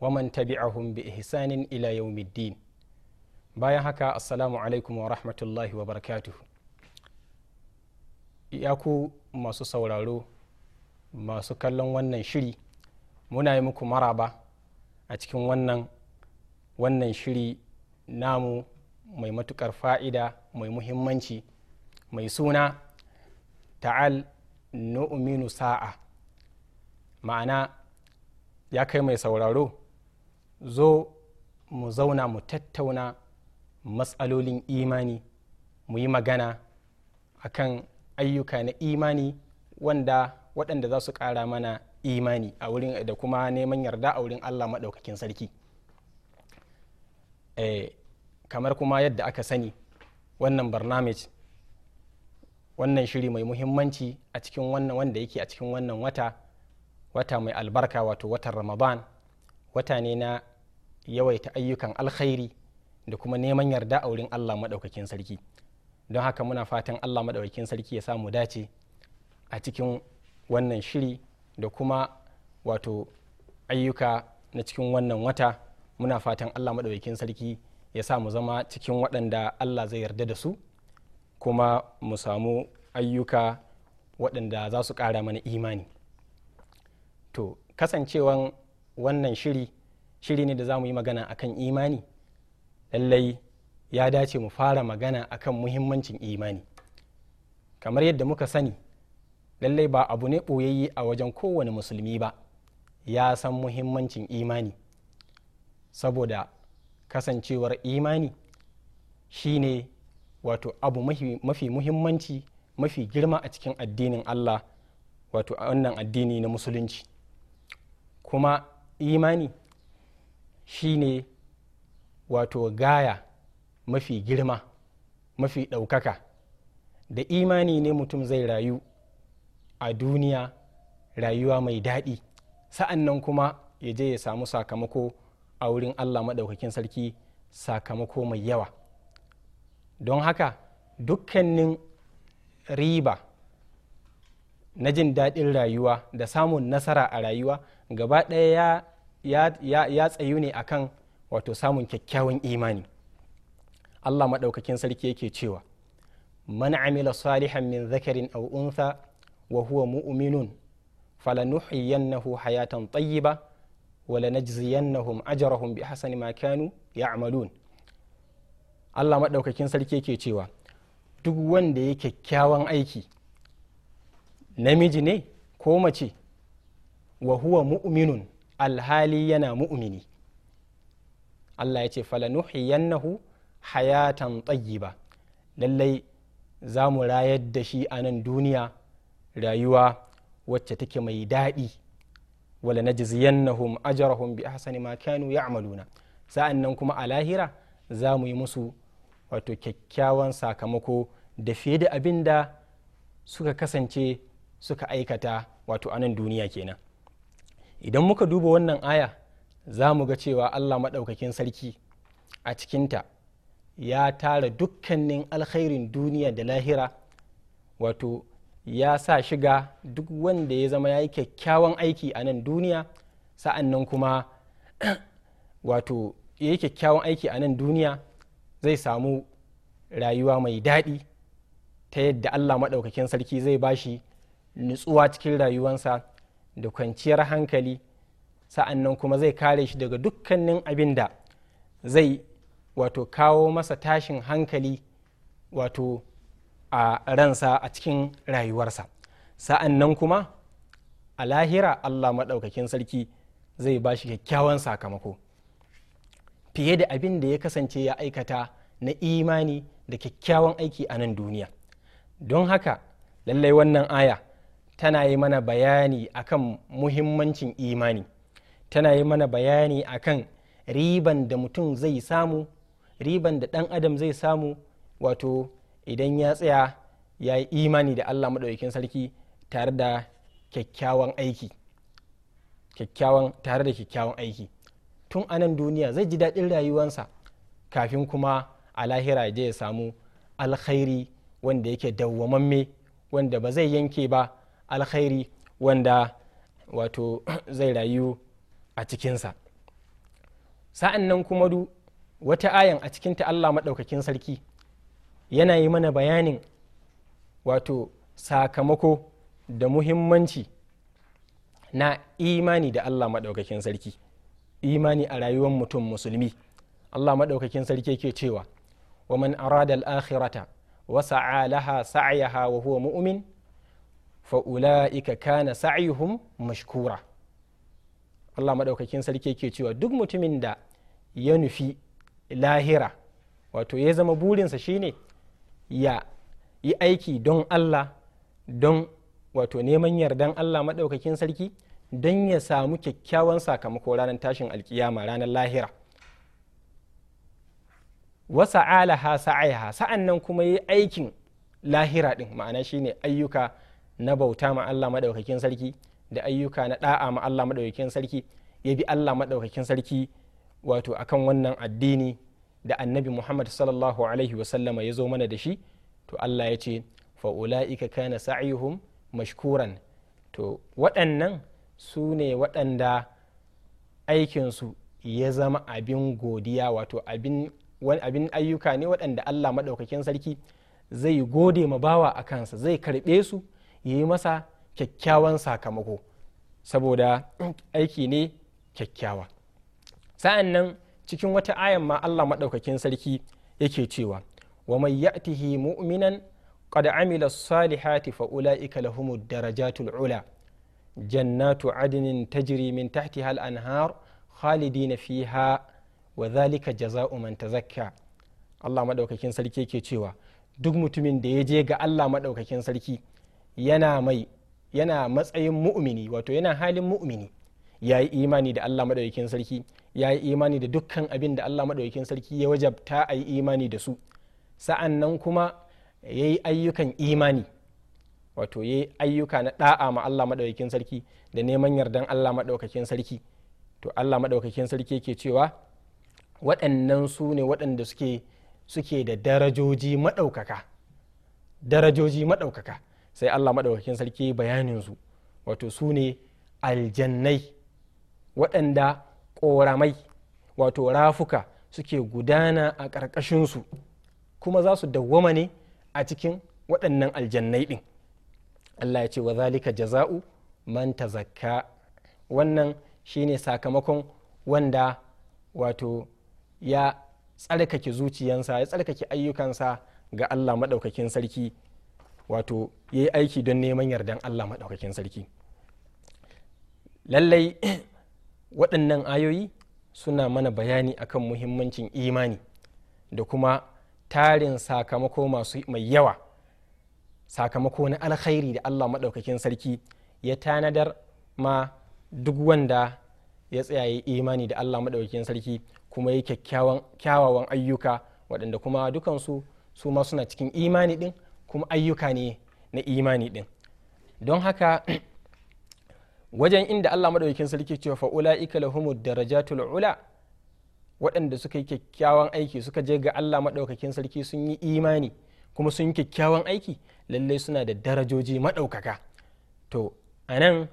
Wa man tabi'ahum bi ihsanin ila yawmiddin bayan haka assalamu alaikum wa rahmatullahi wa barakatuh ya ku masu sauraro masu kallon wannan shiri muna yi muku maraba a cikin wannan wannan shiri namu mai matukar fa'ida mai muhimmanci mai suna ta'al nu'minu sa'a ma'ana ya kai mai sauraro zo mu zauna mu tattauna matsalolin imani mu yi magana akan ayyuka na imani wanda waɗanda za su ƙara mana imani a wurin da kuma neman yarda a wurin allah maɗaukakin sarki eh, kamar kuma yadda aka sani wannan barnamij wannan shiri mai muhimmanci a cikin wannan wanda yake a cikin wannan wata wata mai albarka wato watan ramadan wata ne na yawaita ayyukan alkhairi da kuma neman yarda a wurin Allah maɗaukakin sarki don haka muna fatan Allah maɗaukakin sarki ya samu dace a cikin wannan shiri da kuma wato ayyuka na cikin wannan wata muna fatan Allah maɗaukakin sarki ya samu zama cikin waɗanda Allah zai yarda da su kuma mu samu ayyuka waɗanda za su ƙara mana imani to kasancewan wannan shiri shiri ne da za mu yi magana a kan imani lallai ya dace mu fara magana a kan muhimmancin imani kamar yadda muka sani lallai ba abu ne ɓoyayye a wajen kowane musulmi ba ya san muhimmancin imani saboda kasancewar imani shine wato abu mafi muhimmanci mafi girma a cikin addinin allah wato wannan addini na musulunci kuma imani shine wato gaya mafi girma mafi ɗaukaka da imani ne mutum zai rayu a duniya rayuwa mai daɗi sa'an nan kuma ya je ya samu sakamako a wurin allah maɗaukakin sarki sakamako mai yawa don haka dukkanin riba na jin daɗin rayuwa da samun nasara a rayuwa gaba ɗaya ya ya tsayu ne akan wato samun kyakkyawan imani allah maɗaukakin sarki yake cewa man amila salihan min zakarin aw untha wa huwa mu'minun falanuhyiyannahu hayatan tayyiba wa lanajziyannahum ajrahum bi hasani ma kanu ya'malun allah maɗaukakin sarki yake cewa duk wanda ya kyakkyawan aiki namiji ne ko mace wa huwa mu'minun alhali yana mu'mini Allah ya ce falanuhiyannahu hayatan tayyiba lallai za mu rayar da shi a nan duniya rayuwa wacce take mai daɗi wala najziyannahum ajrahum bi ahsani ma kanu ya'maluna sa'an nan kuma a lahira za mu yi musu wato kyakkyawan sakamako da fiye da abin da suka kasance suka aikata wato a nan duniya kenan idan muka duba wannan aya za mu ga cewa allah maɗaukakin sarki a cikinta ya tara dukkanin alkhairin duniya da lahira wato ya sa shiga duk wanda ya zama ya yi kyakkyawan aiki a nan duniya sa'an nan kuma wato ya yi kyakkyawan aiki a nan duniya zai samu rayuwa mai daɗi ta yadda allah maɗaukakin sarki zai bashi nutsuwa cikin rayuwansa da kwanciyar hankali sa'an nan kuma zai kare shi daga dukkanin abin da zai wato kawo masa tashin hankali wato a ransa a cikin rayuwarsa sa'an nan kuma a lahira allah maɗaukakin sarki zai ba shi kyakkyawan sakamako fiye da abin da ya kasance ya aikata na imani da kyakkyawan aiki a nan duniya don haka lallai wannan aya tana yi mana bayani akan muhimmancin imani tana yi mana bayani akan riban da mutum zai samu riban da ɗan adam zai samu wato idan ya tsaya ya yi imani da allah maɗaukin sarki tare da kyakkyawan aiki kyakkyawan tare da kyakkyawan aiki tun anan duniya zai ji daɗin rayuwansa kafin kuma a lahira ya je ya samu alkhairi wanda yake dawwamamme wanda ba zai yanke ba alkhairi wanda wato zai rayu a cikinsa sa'an nan kuma du wata ayan a cikinta allah maɗaukakin sarki yana yi mana bayanin wato sakamako da muhimmanci na imani da allah maɗaukakin sarki imani a rayuwar mutum musulmi allah maɗaukakin sarki ke cewa wa man arada al’akhirata akhirata alaha sa'ayaha wa huwa mu'min fa'ula'ika kana sa'ihum mashkura Allah maɗaukakin sarki yake cewa duk mutumin da ya nufi lahira wato ya zama burinsa shine ya yi aiki don Allah don wato neman yardan Allah maɗaukakin sarki don ya samu kyakkyawan sakamako ranar tashin alkiyama ranar lahira wasa alaha sa'aiha sa'an nan kuma yi aikin lahira ɗin ma'ana shine ayyuka na bauta ma Allah maɗaukakin sarki da ayyuka na ɗa'a ma Allah maɗaukakin sarki ya bi Allah maɗaukakin sarki wato akan wannan addini da annabi Muhammad sallallahu alaihi wasallama ya zo mana da shi to Allah ya ce fa'ula'ika kana sa'ihum mashkuran to waɗannan su ne waɗanda aikinsu ya zama abin godiya wato abin abin ayyuka ne waɗanda Allah maɗaukakin sarki zai gode ma bawa a kansa zai karɓe su yi masa kyakkyawan sakamako saboda aiki ne kyakkyawa sa’an nan cikin wata ayan ma Allah maɗaukakin sarki yake cewa wa mai ya'tihi mu'minan qad amila salihati fa ula’ika lahumu darajatul ula jannatu adinin tajri min tahti hal anhar khalidina fiha wa zalika jaza'u man tazakka Allah maɗaukakin sarki yake cewa duk mutumin da ya je ga Allah maɗaukakin sarki yana mai yana matsayin mu'mini wato yana halin mu'mini ya yi imani da Allah maɗaukakin sarki ya yi imani da dukkan abin da Allah maɗaukakin sarki ya wajabta a yi imani da su sa'an nan kuma ya yi ayyukan imani wato ya yi ayyuka na ɗa'a ma Allah maɗaukakin sarki da neman yardan Allah maɗaukakin sarki to Allah maɗaukakin sarki yake cewa waɗannan su ne waɗanda suke suke da darajoji maɗaukaka darajoji maɗaukaka sai allah maɗaukakin sarki bayaninsu wato su ne aljannai waɗanda ƙoramai wato rafuka suke gudana a ƙarƙashinsu kuma za su dawwama ne a cikin waɗannan aljannai ɗin allah ya ce wa zalika jaza'u man zakka wannan shine sakamakon wanda wato ya tsarkake zuciyansa ya tsarkake ayyukansa ga allah maɗaukakin sarki wato ya yi aiki don neman yardan allah maɗaukakin sarki lallai waɗannan ayoyi suna mana bayani akan muhimmancin imani da kuma tarin sakamako masu mai yawa sakamako na alkhairi da allah maɗaukakin sarki ya tanadar ma duk wanda ya tsayaye imani da allah maɗaukakin sarki kuma yi kyawawan ayyuka waɗanda kuma dukansu su ma suna cikin imani ɗin kuma ayyuka ne na imani din don haka wajen inda Allah madaukakin sarki cewa fa ulaika lahumud darajatul ula waɗanda suka yi kyakkyawan aiki suka je ga Allah madaukakin sarki sun yi imani kuma sun yi kyakkyawan aiki lalle suna da darajoji madaukaka to anan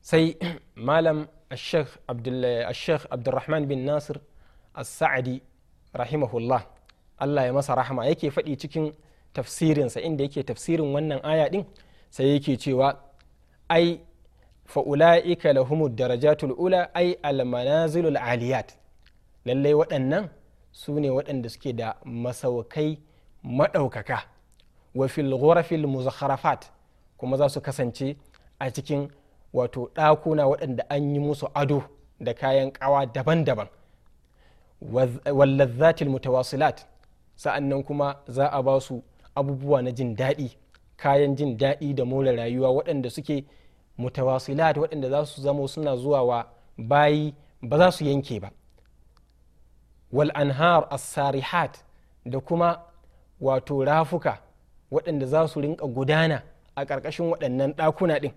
sai malam الشيخ عبد الشيخ عبد الرحمن بن ناصر السعدي rahimahullah Allah ya masa rahama yake faɗi cikin tafsirinsa inda yake tafsirin wannan aya din sai yake cewa ai fa'ula'ika lahumud darajatul ula ai almanazilul aliyat lallai waɗannan su ne waɗanda suke da masaukai maɗaukaka wa fil ghurafil muzakharafat kuma za su kasance a cikin wato ɗakuna waɗanda an yi musu ado da kayan ƙawa daban-daban wallazzatil mutawasilat sa'annan kuma za a ba su abubuwa na jin daɗi kayan jin daɗi da more rayuwa waɗanda suke mutawasilat waɗanda za su zamo suna zuwa wa bayi ba za su yanke ba wal anhar as da kuma wato rafuka waɗanda za su rinka gudana a ƙarƙashin waɗannan ɗakuna ɗin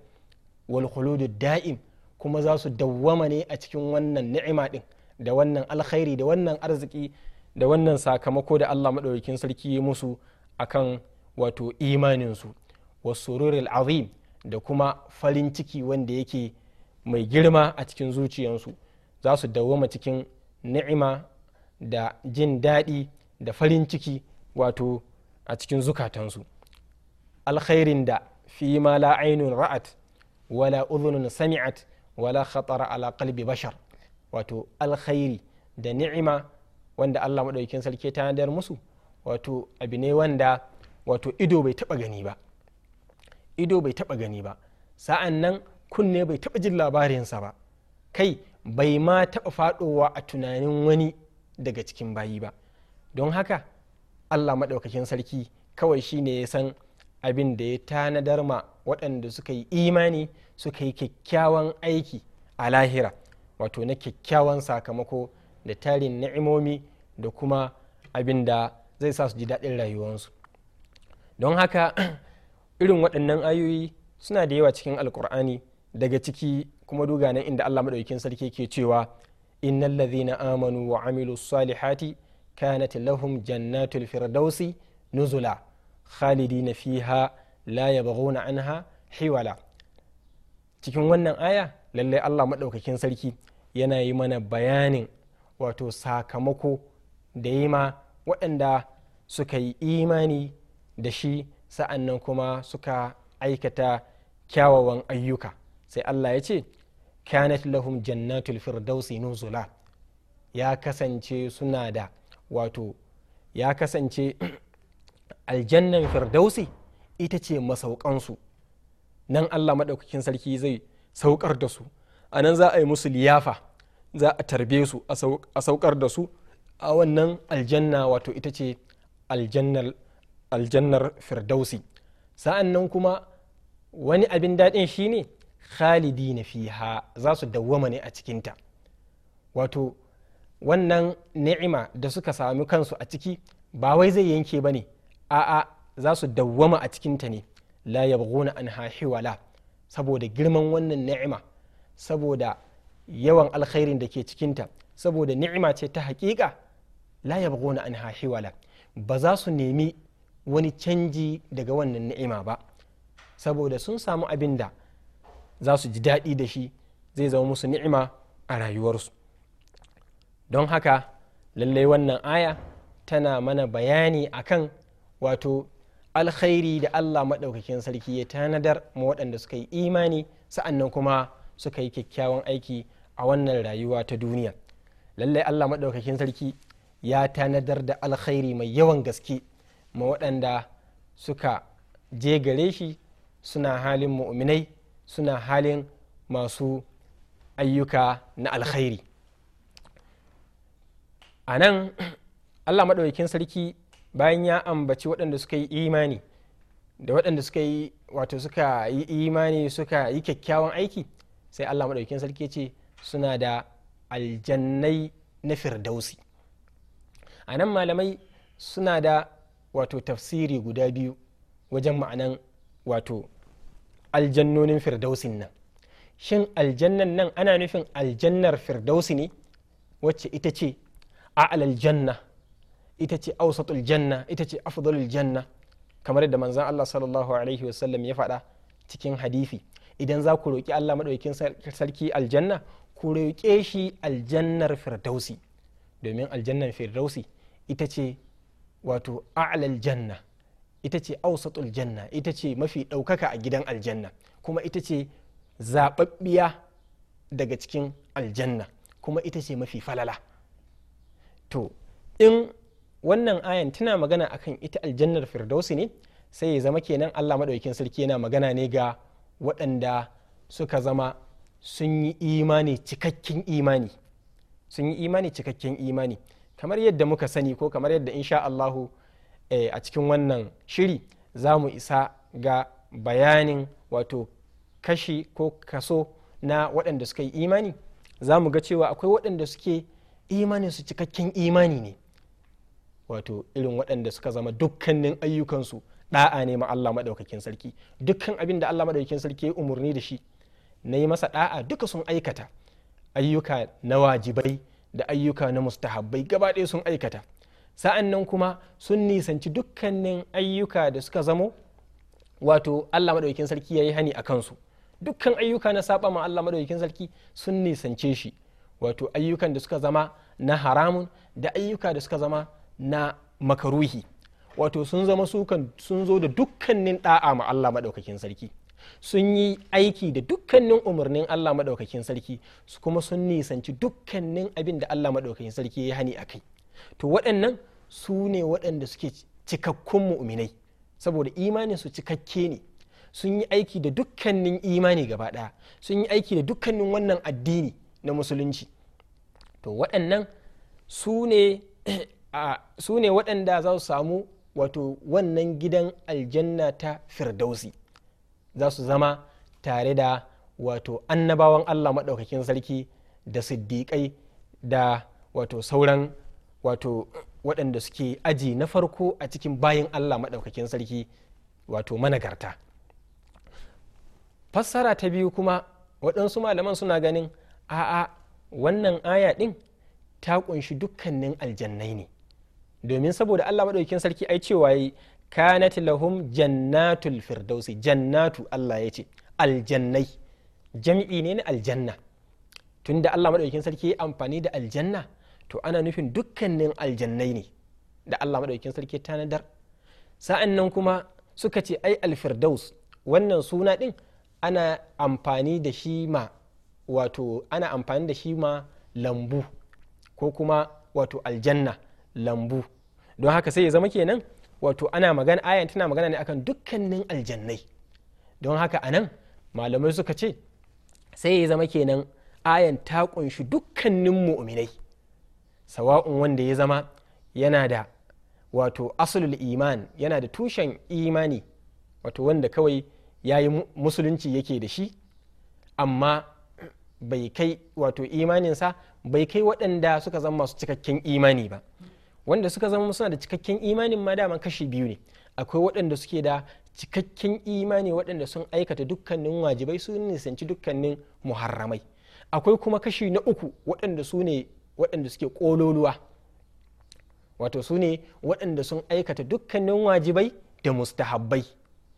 wal da'im kuma za su dawwama ne a cikin wannan ni'ima ɗin da wannan alkhairi da wannan arziki da wannan sakamako da allah madaukakin sarki musu akan wato imaninsu wasururil azim da kuma farin ciki wanda yake mai girma a cikin zuciyarsu za su dawoma cikin ni'ima da jin daɗi da farin ciki wato a cikin zukatansu alkhairin da fi ma la ainun ra'at wala uzunun sami'at wala khatara ala qalbi bashar wato alkhairi da ni'ima wanda Allah maɗaukin sarki ta musu wato abu ne wanda wato ido bai taba gani ba ido bai taba gani ba sa'an nan kunne bai taba jin labarinsa ba kai bai ma taba fadowa a tunanin wani daga cikin bayi ba don haka allah maɗaukakin sarki kawai shi ne ya san abin da ya tanadar ma waɗanda suka yi imani suka yi kyakkyawan aiki a lahira wato na kyakkyawan sakamako da tarin ni'imomi da kuma abin da zai sa su ji daɗin rayuwarsu don haka irin waɗannan ayoyi suna da yawa cikin alkur'ani daga ciki kuma duga inda allah maɗaukin sarki ke cewa innal ladhina amanu wa amilu salihati kanat lahum jannatul firdausi nuzula khalidina fiha la yabghuna anha hiwala cikin wannan aya lallai allah maɗaukakin sarki yana yi mana bayanin wato sakamako da yi ma waɗanda suka yi imani da shi sa'annan kuma suka aikata kyawawan ayyuka sai allah ya ce kyanat lahum jannatul firdausi nuzula ya kasance suna da wato ya kasance aljannan firdausi ita ce masaukansu nan allah maɗaukakin sarki zai saukar da su a nan za a yi musu liyafa za a tarbe su a saukar da su a wannan aljanna wato ita ce aljannar firdausi sa'an nan kuma wani abin daɗin shine khalidi na fiha za su dawwama ne a cikinta wato wannan ni'ima da suka sami kansu a ciki ba wai zai yanke ba ne a'a za su dawwama a cikinta ne la yabghuna an hiwala saboda girman wannan ni'ima saboda yawan alkhairin da ke cikinta saboda ni'ima ce ta haƙiƙa la yabghuna anha hiwala ba za su nemi wani canji daga wannan ni'ima ba saboda sun samu abin da za su ji daɗi da shi zai zama musu ni'ima a rayuwarsu don haka lallai wannan aya tana mana bayani akan wato alkhairi da allah maɗaukakin sarki ya tanadar ma waɗanda suka yi imani sa'annan kuma suka yi kyakkyawan aiki a wannan rayuwa ta duniya lallai allah maɗaukakin sarki ya tanadar da alkhairi mai yawan gaske ma waɗanda suka je gare shi suna halin mu'minai suna halin masu ayyuka na alkhairi a nan allah maɗaukin sarki bayan ya ambaci waɗanda suka yi imani da waɗanda suka yi wato suka yi imani suka yi kyakkyawan aiki sai allah maɗaukin sarki ce suna da aljannai na firdausi a nan malamai suna da wato tafsiri guda biyu wajen ma'anan wato aljannonin firdausin nan shin aljannan nan ana nufin aljannar firdausi ne wacce ita ce a aljanna ita ce ausatul janna ita ce afdalul janna kamar yadda manzon Allah sallallahu alaihi wasallam ya faɗa cikin hadifi idan za ku roƙi Allah maɗaukin sarki aljanna ku roƙe shi aljannar firdausi domin aljannar firdausi ita ce wato a'lal janna ita ce ausatul janna ita ce mafi ɗaukaka a gidan aljanna kuma ita ce zaɓaɓɓiya daga cikin aljanna kuma ita ce mafi falala to in wannan ayan tana magana akan ita aljannar firdausi ne sai ya zama kenan allah maɗaukin sarki yana magana ne ga waɗanda suka zama sun yi imani cikakken imani sun yi imani cikakken imani kamar yadda muka sani ko kamar yadda insha Allahu e, a cikin wannan shiri za mu isa ga bayanin wato kashi ko kaso na waɗanda suka yi imani za mu ga cewa akwai waɗanda suke imanin su cikakken imani ne wato irin waɗanda suka zama dukkanin ayyukansu ɗa'a ne ma Allah maɗaukakin sarki dukkan abin da Allah maɗaukakin sarki ya umarni da shi na yi masa ɗa'a duka sun aikata ayyuka na wajibai da ayyuka na mustahabbai gaba ɗaya sun aikata sa'an nan kuma sun nisanci dukkanin ayyuka da suka zamo wato allah maɗaukin sarki ya yi hani a kansu dukkan ayyuka na saba ma allah maɗaukin sarki sun nisance shi wato ayyukan da suka zama na haramun da ayyuka da suka zama na makaruhi wato sun zama sukan sun zo da dukkanin da'a ma allah maɗaukakin sarki sun yi aiki da dukkanin umarnin Allah maɗaukakin sarki su kuma sun nisanci dukkanin abin da Allah maɗaukakin sarki ya hani a kai to waɗannan su ne waɗanda suke cikakkun mu'minai saboda imanin su cikakke ne sun yi aiki da dukkanin imani gaba ɗaya sun yi aiki da dukkanin wannan addini na musulunci to waɗannan su ne waɗanda za su samu wato wannan gidan aljanna ta firdausi za su zama tare da wato annabawan allah maɗaukakin sarki da siddiƙai da wato sauran wato waɗanda suke aji na farko a cikin bayin allah maɗaukakin sarki wato managarta fassara ta biyu kuma waɗansu malaman suna ganin a'a wannan aya ɗin ta ƙunshi dukkanin aljannai ne domin saboda allah maɗaukakin sarki ai cewa kanat lahum jannatul firdausi jannatu Allah ya ce aljannai jam'i ne na aljanna tunda Allah madaukakin sarki ya amfani da aljanna to ana nufin dukkanin aljannai ne da Allah madaukakin sarki tanadar sa'an nan kuma suka ce ai alfirdaus wannan suna din ana amfani da shi ma wato ana amfani da shi ma lambu ko kuma wato aljanna lambu don haka sai ya zama kenan wato ana magana ayan tana magana ne akan dukkanin aljannai don haka anan malamai suka ce sai ya zama kenan ayan ta kunshi dukkanin mu'minai sawa'un wanda ya zama yana da wato asulul iman yana da tushen imani wato wanda kawai ya yi musulunci yake da shi amma bai kai wato imaninsa bai kai waɗanda suka zama masu cikakken imani ba wanda suka zama suna da cikakken imanin ma dama kashi biyu ne akwai waɗanda suke da cikakken imani waɗanda sun aikata dukkanin wajibai su nisanci dukkanin muharramai akwai kuma kashi na uku waɗanda su ne waɗanda suke ƙololuwa wato su ne waɗanda sun aikata dukkanin wajibai da mustahabbai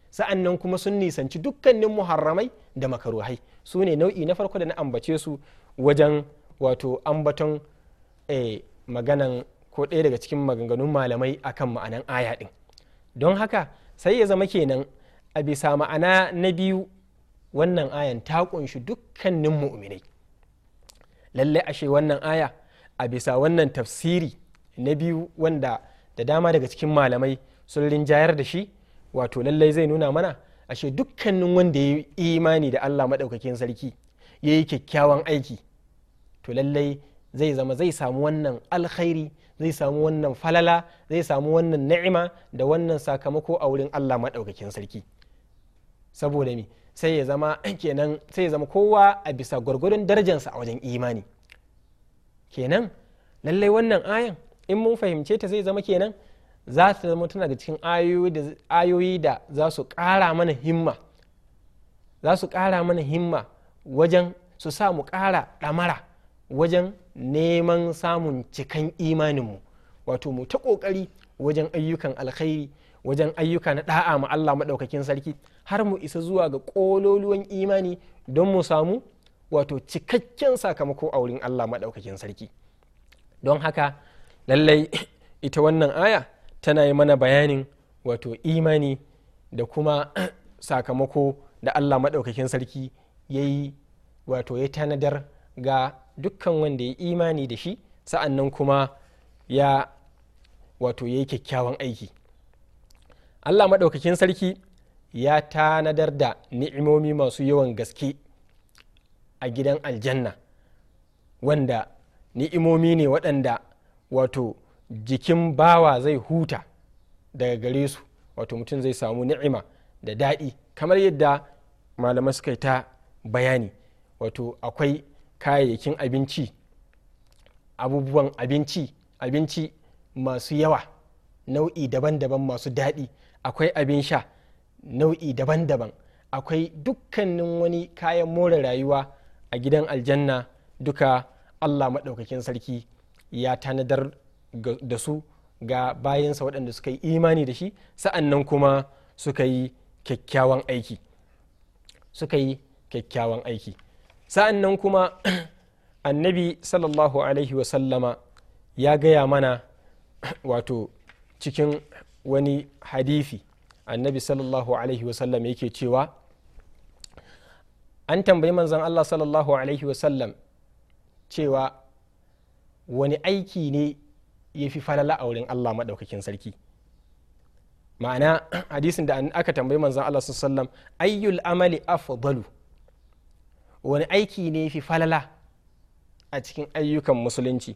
sa'an nan kuma sun nisanci dukkanin muharramai da makaruhai su ne nau'i na farko da na ambace su wajen wato ambaton eh, maganan ko ɗaya daga cikin maganganun malamai akan ma'anan aya ɗin don haka sai ya zama kenan a bisa ma'ana na biyu wannan ayan ta kunshi dukkanin mu'minai lalle ashe wannan aya a bisa wannan tafsiri na biyu wanda da dama daga cikin malamai sun rinjayar da shi wato lallai zai nuna mana ashe dukkanin wanda ya yi imani da allah maɗaukakin sarki ya yi kyakkyawan aiki to lallai zai zama zai samu wannan alkhairi zai samu wannan falala zai samu wannan ni'ima da wannan sakamako a wurin Allah maɗaukakin sarki saboda mi sai ya zama kenan sai ya zama kowa a bisa gwargwadon darajansa a wajen imani kenan lallai wannan ayan in mun fahimce ta zai zama kenan za su zama tana da cikin ayoyi da za su ƙara mana himma za su ƙara mana himma wajen su sa mu ƙara ɗamara wajen neman samun cikan imaninmu wato mu ta ƙoƙari wajen ayyukan alkhairi wajen ayyuka na da'a ma Allah maɗaukakin sarki har mu isa zuwa ga ƙololuwan imani don mu samu wato cikakken sakamako a wurin Allah maɗaukakin sarki don haka lallai ita wannan aya tana yi mana bayanin wato imani da kuma sakamako da Allah maɗaukakin sarki ya yi wato ya tanadar ga dukkan wanda ya imani da shi sa'annan kuma ya wato ya yi kyakkyawan aiki allah maɗaukakin sarki ya tanadar da ni'imomi masu yawan gaske a gidan aljanna wanda ni'imomi ne waɗanda wato jikin bawa zai huta daga gare su wato mutum zai samu ni'ima da daɗi kamar yadda malamai suka ta bayani wato akwai kayayyakin abinci abubuwan abinci abinci masu yawa nau'i daban-daban masu daɗi akwai abin sha nau'i daban-daban akwai dukkanin wani kayan more rayuwa a gidan aljanna duka allah maɗaukakin sarki ya tanadar da su ga bayansa waɗanda suka yi imani da shi sa'an kuma suka yi kyakkyawan aiki suka yi kyakkyawan aiki sa'an nan kuma annabi sallallahu alaihi wasallama ya gaya mana wato cikin wani hadifi annabi sallallahu alaihi wasallam yake cewa an tambayi manzan allah sallallahu alaihi wasallam cewa wani aiki ne ya fi falala a wurin allah maɗaukakin sarki ma'ana hadisin da aka tambayi manzan allah sallallahu alaihi wasallam ayyul amali afdalu wani aiki ne fi falala a cikin ayyukan musulunci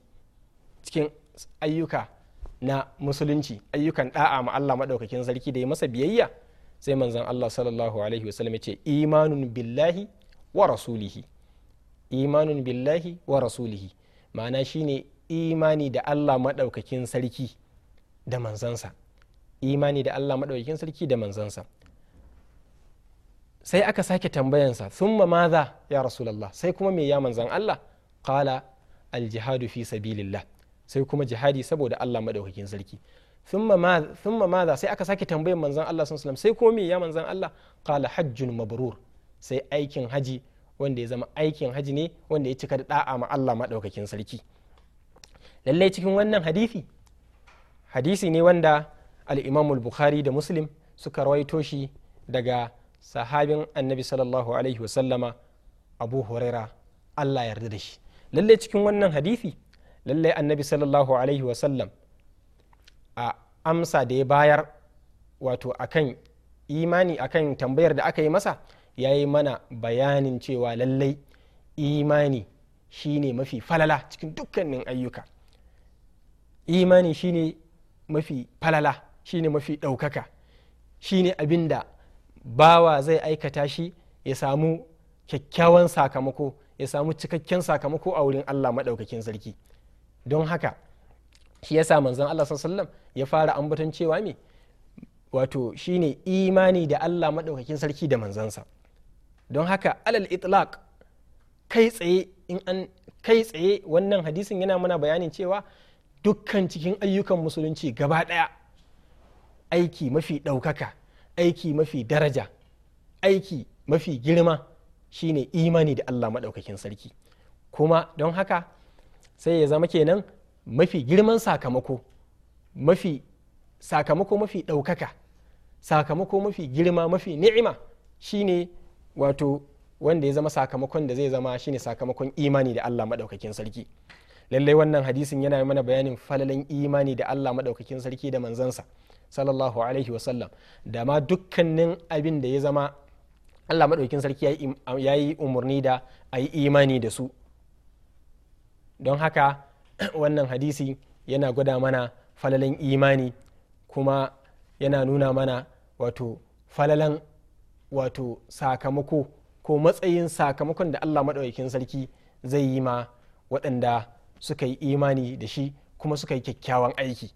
cikin ayyuka na musulunci ayyukan da'a ma Allah maɗaukakin sarki da ya masa biyayya sai manzon Allah sallallahu alaihi wasallam ya ce imanun billahi wa rasulihi imanun billahi wa rasulihi ma'ana shine imani da Allah maɗaukakin sarki da manzansa imani da Allah maɗaukakin sarki da manzansa sai aka sake tambayansa summa maza ya rasulallah sai kuma me ya manzan Allah kala aljihadu fi sabilillah sai kuma jihadi saboda Allah madaukakin sarki ma maza sai aka sake tambayan manzan Allah sallallahu alaihi sai kuma me ya manzan Allah kala hajjun mabrur sai aikin haji wanda ya zama aikin haji ne wanda ya cika da da'a ma Allah madaukakin sarki lallai cikin wannan hadisi hadisi ne wanda al imamul bukhari da Muslim suka rawaito shi daga sahabin annabi sallallahu alaihi wasallama abu huraira allah yarda da shi lalle cikin wannan hadithi lalle annabi sallallahu alaihi wasallam a amsa da ya bayar wato akan imani akan tambayar da aka yi masa ya yi mana bayanin cewa lallai imani shine mafi falala cikin dukkanin ayyuka imani shine mafi falala shine mafi ɗaukaka shine abin da bawa zai aikata shi ya samu kyakkyawan sakamako ya samu cikakken sakamako a wurin Allah maɗaukakin sarki don haka shi yasa manzon Allah sallam ya fara ambaton cewa me wato shine imani da Allah maɗaukakin sarki da manzansa don haka alal itlaq kai tsaye in an kai tsaye wannan hadisin yana mana bayanin cewa dukkan cikin ayyukan musulunci gaba ɗaya aiki mafi ɗaukaka aiki mafi daraja aiki mafi girma shine imani da Allah maɗaukakin sarki kuma don haka sai ya zama kenan mafi girman sakamako mafi sakamako mafi ɗaukaka sakamako mafi girma mafi ni'ima shine wato wanda ya zama sakamakon da zai zama shine sakamakon imani da Allah maɗaukakin sarki lallai wannan hadisin yana mana bayanin falalan imani da Allah maɗaukakin sarki da manzansa sallallahu alaihi wasallam da ma dukkanin abin da ya zama allah maɗaukin sarki ya yi umarni da a yi imani da su don haka wannan hadisi yana gwada mana falalan imani kuma yana nuna mana wato falalan wato sakamako ko matsayin sakamakon da allah maɗaukin sarki zai yi ma waɗanda suka yi imani da shi kuma suka yi kyakkyawan aiki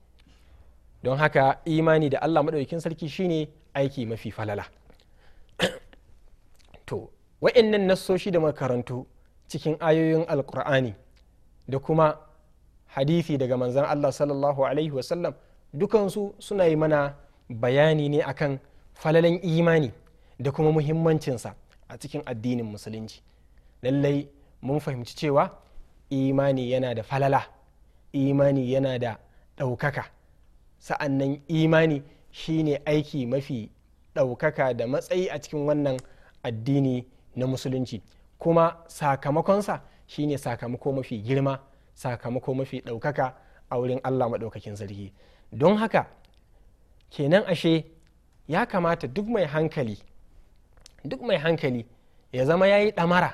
don haka imani da allah maɗaukin sarki shine aiki mafi falala to wa'annan nassoshi da makarantu cikin ayoyin alkur'ani da kuma hadithi daga manzan allah sallallahu alaihi wasallam dukansu suna yi mana bayani ne akan falalan imani da kuma muhimmancinsa a cikin addinin musulunci lallai mun fahimci cewa imani yana da falala imani yana da ɗaukaka sa'annan imani shine aiki mafi ɗaukaka da matsayi a cikin wannan addini na musulunci kuma sakamakonsa shine sakamako mafi girma sakamako mafi ɗaukaka a wurin allah maɗaukakin zargi don haka kenan ashe ya kamata duk mai hankali duk mai hankali ya zama ya yi ɗamara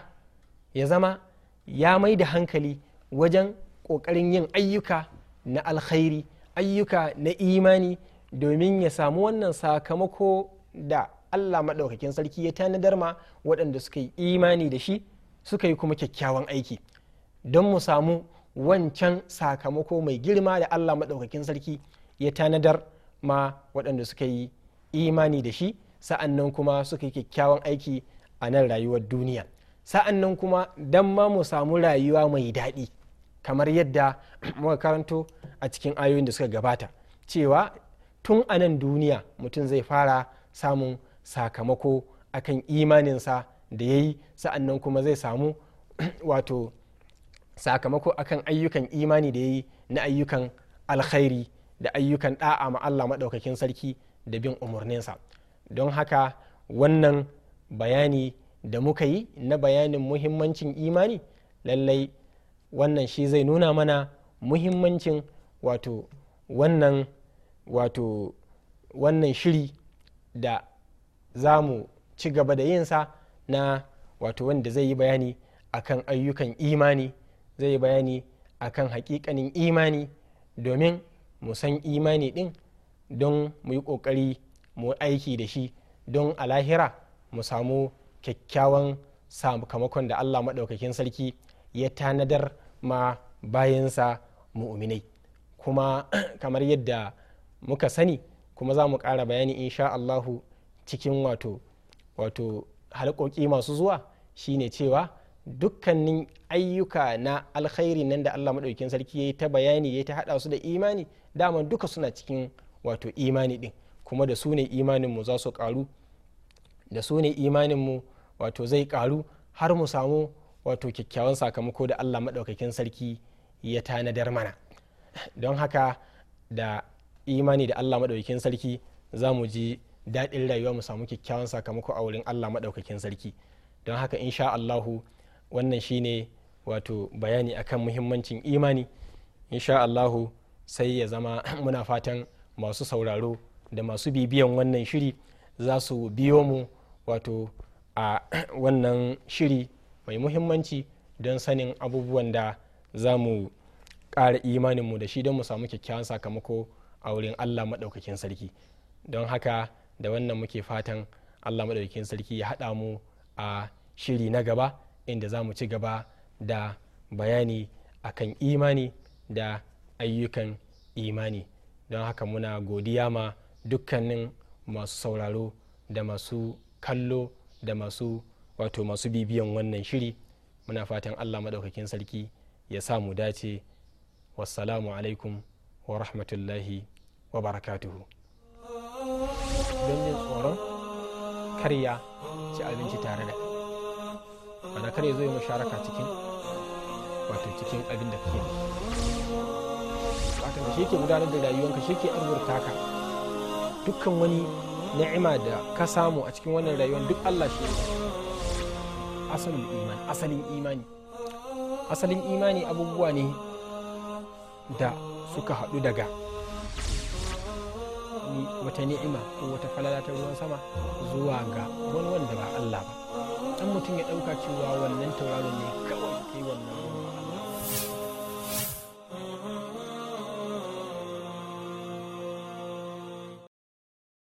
ya zama ya mai da hankali wajen ƙoƙarin yin ayyuka na alkhairi ayyuka na imani domin ya samu wannan sakamako da allah maɗaukakin sarki ya tanadar ma waɗanda suka yi imani da shi suka yi kuma kyakkyawan aiki don mu samu wancan sakamako mai girma da allah maɗaukakin sarki ya tanadar ma waɗanda suka yi imani da shi sa'an nan kuma suka yi kyakkyawan aiki a nan rayuwar duniya sa'an nan kuma don ma mu samu rayuwa mai daɗi kamar yadda muka karanto a cikin ayoyin da suka gabata cewa tun a nan duniya mutum zai fara samun sakamako akan imaninsa da ya yi sa'annan kuma zai samu wato sakamako akan ayyukan imani da ya yi na ayyukan alkhairi da ayyukan da'a ma Allah maɗaukakin sarki da bin umarninsa don haka wannan bayani da muka yi na bayanin muhimmancin imani lallai wannan shi zai nuna mana muhimmancin wato wannan wato wannan shiri da za mu ci gaba da yinsa na wato wanda zai yi bayani akan ayyukan imani zai yi bayani akan hakikanin imani domin mu san imani din don mu yi kokari mu aiki da shi don a lahira mu samu kyakkyawan sakamakon da allah maɗaukakin sarki ya tanadar ma bayansa mu'uminai kuma kamar yadda muka sani kuma za mu ƙara bayani in sha Allahu cikin wato wato halƙoƙi masu zuwa shine cewa dukkanin ayyuka na alkhairi nan da Allah maɗaukin sarki ya yi ta bayani ya ta haɗa su da imani dama duka suna cikin wato imani ɗin kuma da su ne imaninmu za su ƙaru da su ne mu wato zai ƙaru har mu samu wato kyakkyawan sakamako da allah maɗaukakin sarki ya tanadar mana don haka da imani da allah maɗaukakin sarki za mu ji daɗin rayuwa mu samu kyakkyawan sakamako a wurin allah maɗaukakin sarki don haka insha allahu wannan shine wato bayani akan muhimmancin imani insha allahu sai ya zama muna fatan masu sauraro da masu bibiyan wannan shiri za su biyo mu wato a wannan shiri mai muhimmanci don sanin abubuwan da za mu ƙara imaninmu da shi don mu samu kyakkyawan sakamako a wurin allah maɗaukakin sarki don haka da wannan muke fatan allah maɗaukakin sarki ya haɗa mu a shiri na gaba inda za mu ci gaba da bayani akan imani da ayyukan imani don haka muna godiya ma dukkanin masu sauraro da masu kallo da masu wato masu bibiyan wannan shiri muna fatan allah maɗaukakin sarki ya sa mu dace wassalamu alaikum wa rahmatullahi wa barakatuhu don yin tsoron karya ci abinci tare da mana kare ya zo yi musharaka cikin wato cikin abin da kake da shi ke gudanar da rayuwanka shi ke arzurta ka dukkan wani ni'ima da ka samu a cikin wannan rayuwar duk allah shi ne asalin imani asalin imani asalin imani abubuwa ne da suka haɗu daga wata ni'ima ko wata falala ta ruwan sama zuwa ga wani wanda ba Allah ba dan mutum ya ɗauka cewa wannan tauraron ne kawai kai wannan